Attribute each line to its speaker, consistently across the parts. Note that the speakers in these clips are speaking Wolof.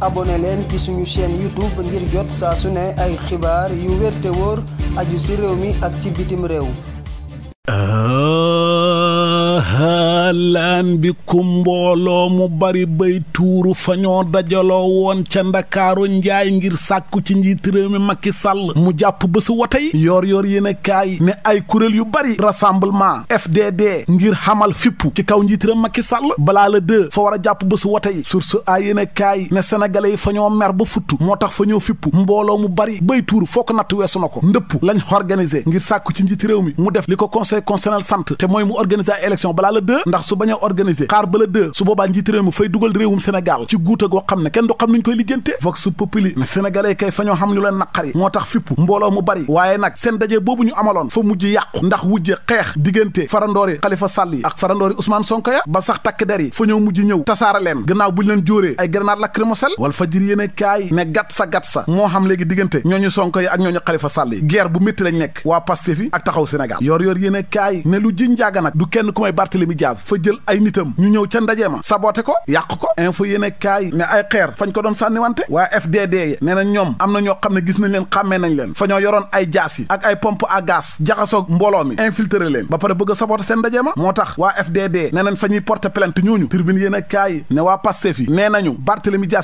Speaker 1: abone leen ci suñu chaîne YouTube ngir jot saa su ne ay xibaar yu wér te wóor ci réew mi ak ci bitim réew ahlan bikum mbooloo mu bari bay tuuru fa ñoo dajaloo woon ca ndakaaru njaay ngir sàkku ci njiit réew mi Macky Sall mu jàpp bésu wote yi yoor yoor yéen kaay ne ay kuréel yu bari rassemblement FDD ngir xamal fippu ci kaw njiit réew Macky Sall balaa la deux fa war a jàpp bésu wote yi source a yéen kaay ne sénégalais yi fa ñoo mer ba futtu moo tax fa ñëw fippu mbooloo mu bari bay tuuru foo ko natt weesu na ko ndëpp lañ organisé ngir sàkku ci njiit mi mu def li ko conseil sant te mooy mu organiser ay élection balaa la su bañ a organiser xaar ba la deux su boobaa njiit réew mi fay dugal réewum Sénégal ci guuta goo xam ne kenn du xam ñu koy lijjante vox populi mais sénégalais kay fa ñoo xam ñu leen naqari moo tax fipp mbooloo mu bari waaye nag seen daje boobu ñu amaloon fa mujj yàqu ndax wujje xeex diggante farandoori Khalifa Sall yi ak farandoori Ousmane Sonko ya ba sax takk der yi fa ñoo mujj ñëw tasaara leen gannaaw buñ leen jóoree ay grenade lacrymogène wal fajir gat sa gat sa moo xam léegi diggante ñooñu Sonko ak ñooñu Khalifa Sall yi guerre bu métti lañ nekk waa Pastef yi ak taxaw Sénégal yor yor yéene kaay ne lu ji njaaga kenn ku may Barthélemy Diaz dafa jël ay nitam ñu ñëw ca ndaje ma saboté ko yàq ko info ay xeer fañ ko doon sànniwante waa FDD yi nee na ñoom am na ñoo xam ne gis nañ leen xàmmee nañ leen fa ñoo yoroon ay jaas yi ak ay pompe à gaz jaxasoog mbooloo mi infiltré leen ba seen ndaje ma moo tax waa FDD nee nañ fa ñuy porter plainte ñooñu turbine yéene kaay ne waa Pastef yi nee nañu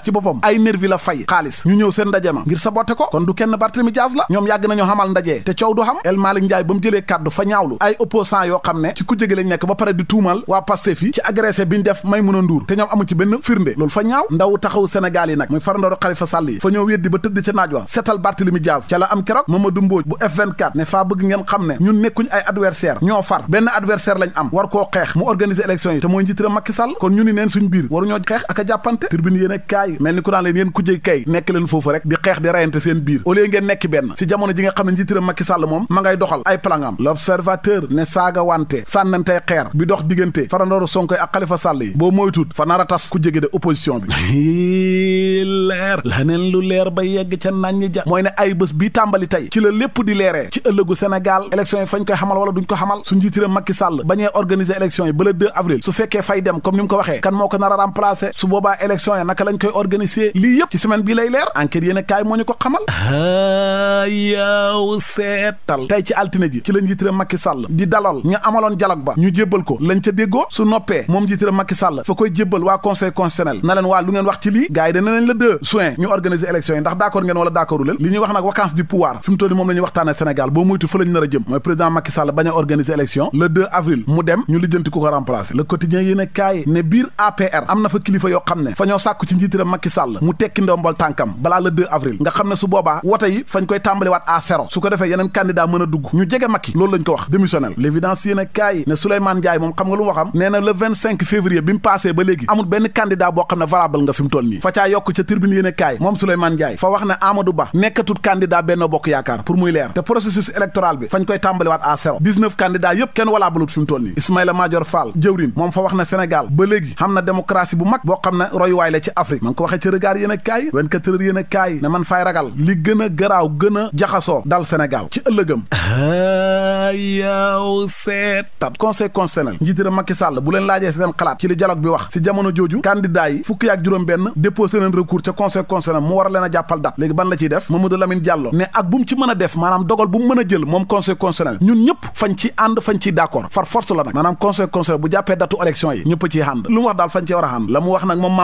Speaker 1: ci boppam ay nervi la fay xaalis ñu ñëw seen ndaje ma ngir saboté ko kon du kenn Barthélemy Dias la ñoom yàgg nañu xamal ndaje te coow du xam El Malick Ndiaye ba mu jëlee kàddu fa ñaawlu ay opposant yoo xam ne ci ku jege lañ nekk ba pare di tuumal waa waa Pastef yi ci agressé bi ñu def Maïmouna Ndour te ñoom amu ci benn firnde loolu fa ñaaw ndaw taxaw Sénégal yi nag muy farandoor Khalifa Sall yi fa ñoo weddi ba tëdd ca naaj wa seetal Barthélemy Diaz ca la am keroog Mamadou Mbodj bu F24 ne faa bëgg ngeen xam ne ñun nekkuñ ay adversaire ñoo far benn adversaire lañ am war koo xeex mu organiser élection yi te mooy njiitëram Macky Sall kon ñu ni neen suñ biir waru ñoo xeex ak a jàppante tribune yéen kaay mel ni ku naan leen yéen kujjey kay nekk leen foofu rek di xeex di rayante seen biir au lieu ngeen nekk benn si jamono ji nga xeer bi dox diggante farandooru Sonko yi ak Khalifa Sall yi boo moytuut fa nar a tas ku jege de opposition bi leer laneen lu leer ba yegg ca naññ ja mooy ne ay bés bii tàmbali tey ci la lépp di leeree ci ëllëgu Sénégal élection yi fañ koy xamal wala duñ ko xamal su njiitira Macky Sall bañee organiser élection yi ba le 2 avril su fekkee fay dem comme ni mu ko waxee kan moo ko nar a remplacer su boobaa élection yi naka lañ koy organiser lii yëpp ci semaine bii lay leer a kaay moo ñu ko xamal ah, yaw ci altine ji ci la njiitira Macky Sall di dalal ñu amaloon dialogue ba ko su noppee moom jiitëram Macky Sall fa koy jébbal waa conseil constitutionnel na leen waa lu ngeen wax ci lii gars yi dana la deux juin ñu organiser élection yi ndax d'accord ngeen wala d'accordu leen li ñuy wax nag vacance du pouvoir fi mu moom la waxtaane Sénégal boo muytu fa lañ nar jëm mooy président Macky Sall bañ a organiser élection le 2 mu dem ñu lijjanti ku ko remplacer le quotidien yéen kaay ne biir APR am na fa kilifa yoo xam Ah. nee na le 25 février bi mu passé ba léegi amul benn candidat boo xam ne valable nga fi mu toll nii fa caa yokk ca tribune yéen kaay moom Souleymane Ndiaye fa wax ne Amadou Ba nekkatut candidat Benno Bokk Yaakaar pour muy leer te processus électoral bi fañ koy tàmbaliwaat à zéro 19 yépp kenn walaabalut fi mu nii Ismaïla Madior Fall jëwrin moom fa wax ne Sénégal ba léegi xam na démocratie bu mag boo xam ne royuwaay la ci Afrique man ko waxee ci regard yéen kaay 24 heures yéen kaay ne man a a jaxasoo dal Sénégal ci Macky Sall bu leen laajee seen xalaat ci li dialogue bi wax si jamono jooju candidat yi juróom benn déposé nañ recours ca conseil mu war a jàppal date léegi ban la ciy def Mamadou Lamine Diallo ne ak bu mu ci mën a def maanaam dogal bu mu mën a jël moom conseil constitutionnel ñun ñëpp fañ ci ànd fañ ciy d'accord far force la nag maanaam conseil constitutionnel bu jàppee datu élection yi ñëpp ciy ànd lu mu wax daal fañ ci war a ànd la mu wax nag moom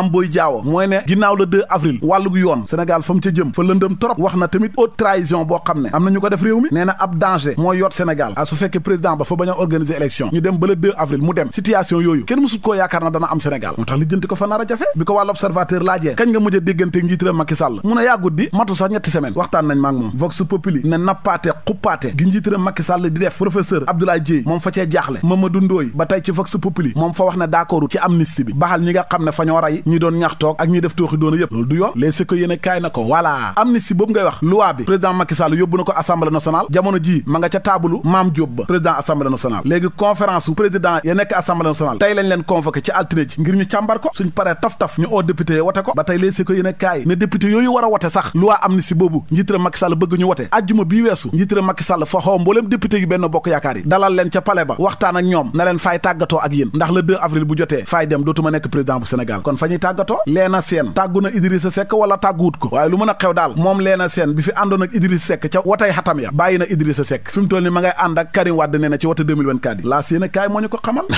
Speaker 1: Mame situation yooyu kenn musul koo yaakaar na dana am Sénégal moo tax lijjanti ko fa a jafe bi ko wàll observateur laajee kañ nga mujj déggante njiitëra Macky Sall mun a yàggut di matu sax ñetti semaine waxtaan nañ ma moom vox populi ne nappaate xuppaate gi njiitëra Macky Sall di def professeur Abdoulaye Dièye moom fa cee jaaxle Mamadou Ndoye ba tey ci vox populi moom fa wax ne d'accordu ci amnistie bi baxal ñi nga xam ne fa ñi doon assemblée nationale tey lañ leen convoqué ci altine ji ngir ñu càmbar ko suñ paree taf-taf ñu oo député yi wote ko ba tey léegi si ko a kaay ne député yooyu war a wote sax loi amnistie boobu njiitëra Macky bëgg ñu wote ajjuma bii weesu njiitëra Macky Sall fa xoo mbooleem yi benn bokk yaakaar yi dalal leen ca palais ba waxtaan ak ñoom na leen faay tàggatoo ak yéen ndax le 2 avril bu jotee faay dem dootuma nekk président bu Sénégal kon fa ñuy tàggatoo leena seen tàggu a xew daal moom leena fi àndoon ak Idrissa Seck ca watay xatam ya bàyyi na Idrissa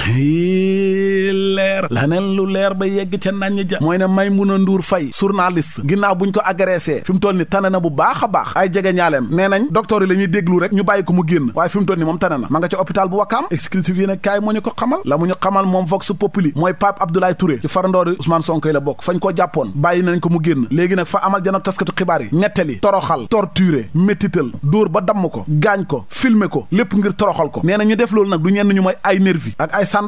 Speaker 1: leer laneen lu leer ba yegg ca nañ ja mooy ne Maymuna Nduur Fay journaliste ginnaaw buñ ko agressé fi mu ni tane na bu baax a baax ay jege ñaaleem nee nañ docteur yi la ñu bàyyi ko mu génn waaye fi ni moom tane na ma ca hôpital bu wakkaam exclusif yéen kaay moo ñu ko xamal la mu ñu xamal moom vox populi mooy Pape Abdoulaye Touré ci farandoori Ousmane Sonko la bokk fañ ko jàppoon bàyyi nañ ko mu génn léegi na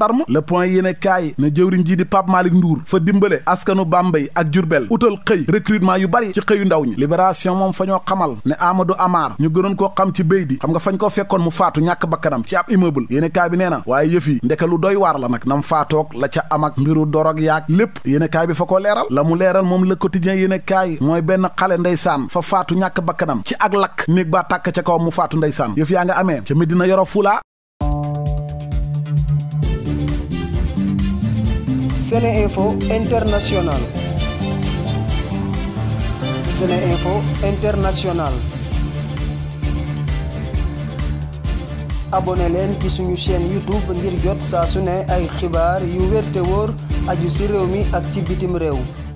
Speaker 1: gendarme le point yéene kaay ne jëwriñ jii di Pape Malick Ndour fa dimbale askanu Bambey ak Jurbel utal xëy recrutement yu bari ci xëyu ndaw ñi libération moom fañoo xamal ne Amadou amaar ñu gënoon koo xam ci béy di xam nga fañ koo fekkoon mu faatu ñàkk bakkanam ci ab immeuble yéene kaay bi nee na waaye yëf yi ndeke lu doy waar la nag nam faatoog la ca amak ak mbiru dorog yaag lépp yéene bi fa ko leeral la mu leeral moom le quotidien yéene kaay mooy benn xale ndeysaan fa faatu ñàkk bakkanam ci ak lakk néeg baa tàkk ca kaw mu faatu ndeysaan yëf yaa nga amee ca Medina Yoro Fula Seneinfo International Seneinfo International leen ci sunu chaîne YouTube ngir jot saa su ne ay xibaar yu wér te aju ci réew mi ak ci bitim réew